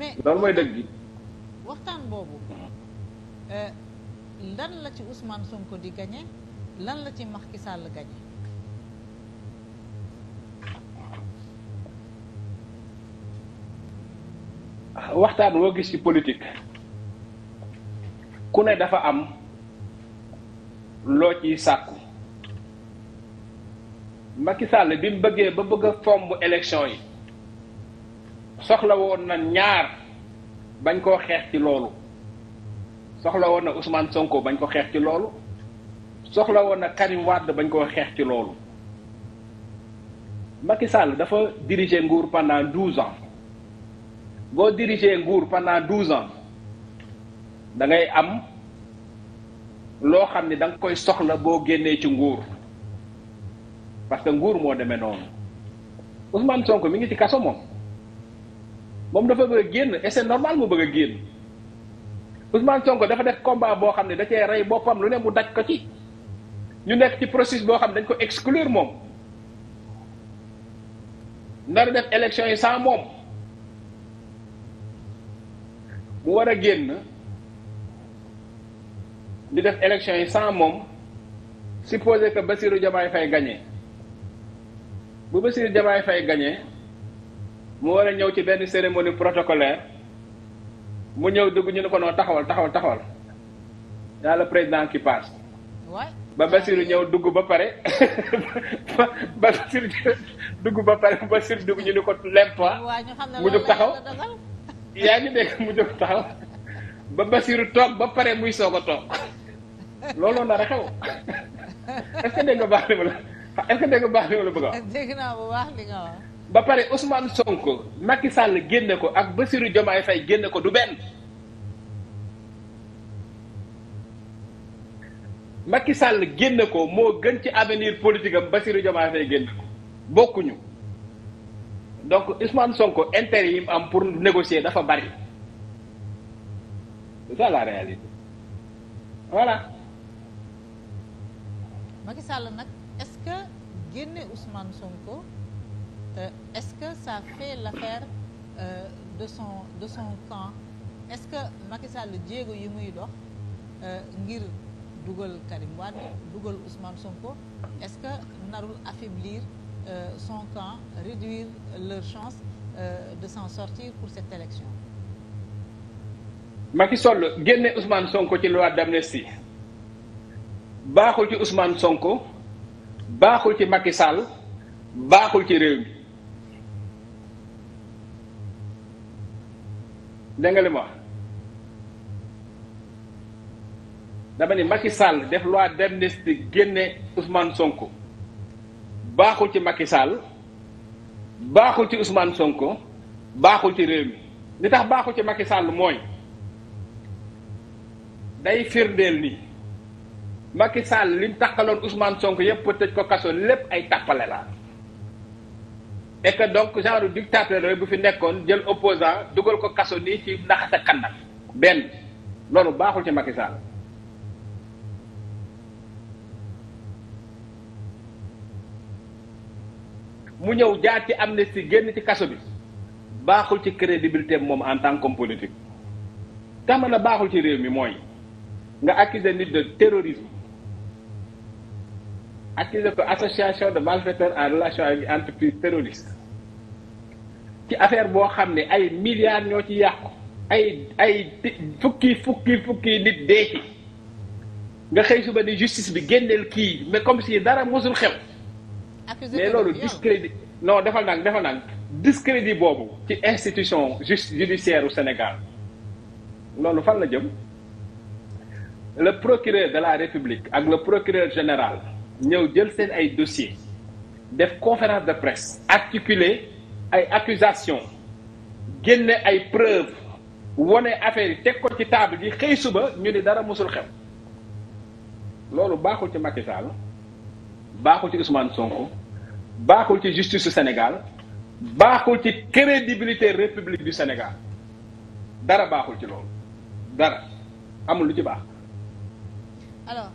mais loolu mooy dëgg gi waxtaan boobu mm-hmm. euh, lan la ci Ousmane Sonko di gagné lan la ci Macky Sall gagné. waxtaan woo gis ci politique ku ne dafa am loo ciy sàkku Macky Sall bi mu bëggee ba bëgg a fomb élection yi. soxla woon na ñaar bañ koo xeex ci loolu soxla woon na Ousmane Sonko bañ ko xeex ci loolu soxla woon na Karim Wade bañ koo xeex ci loolu Macky sàll dafa diriger nguur pandant douze ans boo diriger nguur pandant douze ans da ngay am loo xam ni danga koy soxla boo génnee ci nguur parce que nguur moo demee noonu Ousmane Sonko mi ngi ci kaso moom. moom dafa bëgg a génn et c'est normal mu bëgg a génn Ousmane Sonko dafa def combat boo xam ne da cee rey boppam lu ne mu daj ko ci ñu nekk ci processus boo xam ne dañ ko exclure moom nar def élection yi sans moom mu war a génn di def élection yi sans moom supposé que Bassirou Diomaye Faye gagné bu Bassirou Diomaye fay gañe mu war a ñëw ci benn cérémonie protocolaire mu ñëw dugg ñu ne ko noo taxawal taxawal taxawal yaa la président qui passe ba Basiru ñëw dugg ba pare ba Basiru dugg ba pare Basiru dugg ñu ni ko lève-toi mu jóg taxaw yaa ngi dégg mu jóg taxaw ba Basiru toog ba pare muy soog a toog looloo nar a xew est-ce que dégg baax li ma la est que dégg nga baax li ma la bëgg a wax. dégg naa bu baax li nga wax. ba pare Ousmane Sonko Macky Sall génne ko ak Bassirou Diomaye fay génne ko du benn makki Sall génne ko moo gën ci avenir politique am Bassirou Diomaye Faye génne ko bokkuñu donc Ousmane Sonko intérêt yi am pour négocier dafa bari c'est ça la réalité voilà. Macky sàll nag est-ce que génne Ousmane Sonko. Euh, est-ce que ça fait l'affaire euh, de son de son camp est-ce que Macky Sall jéego yi muy dox euh, ngir dugal Karim Wade dugal Ousmane Sonko est-ce que narul affaiblir euh, son camp réduire leur chance euh, de s'en sortir pour cette élection Macky Sall génne Ousmane Sonko ci loi d'amnistie baaxul ci Ousmane Sonko baaxul ci Macky Sall baaxul ci réew mi dégg ma dama ni Macky Sall def loi d'amnistie génne Ousmane Sonko baaxul ci Macky Sall baaxul ci Ousmane Sonko baaxul ci réew mi li tax baaxul ci Macky Sall mooy day firndeel ni Macky Sall lim takkaloon Ousmane sonk yëpp tëj ko kaso lépp ay tappale la et que donc genre dictateur yooyu bu fi nekkoon jël opposant dugal ko kaso nii ci naxata kannal benn loolu baaxul ci Macky mu ñëw jaar ci amnistie génn ci kaso bi baaxul ci crédibilité moom en tant qu'homme politique tax baaxul ci réew mi mooy nga accuser nit de terrorisme accusé ko association de malfaiteurs en relation avec entreprise terroriste ci affaire boo xam ne ay milliards ñoo ci yàqu ay ay fukki fukki fukki nit dee ci nga xëy suba ni justice bi génneel kii mais comme si dara mosul xew mais loolu discrédit non defal nag defal nag discrédit boobu ci institution justice judiciaire u Sénégal loolu fan la jëm le procureur de la République ak le procureur général ñëw jël seen ay dossier def conférence de presse articuler ay accusations génne ay preuves wone affaire yi teg ko ci table ji xëy suba ñu ne dara mosul xew loolu baaxul ci Macky Sall baaxul ci Ousmane Sonko baaxul ci justice Sénégal baaxul ci crédibilité république du Sénégal dara baaxul ci loolu dara amul lu ci baax alors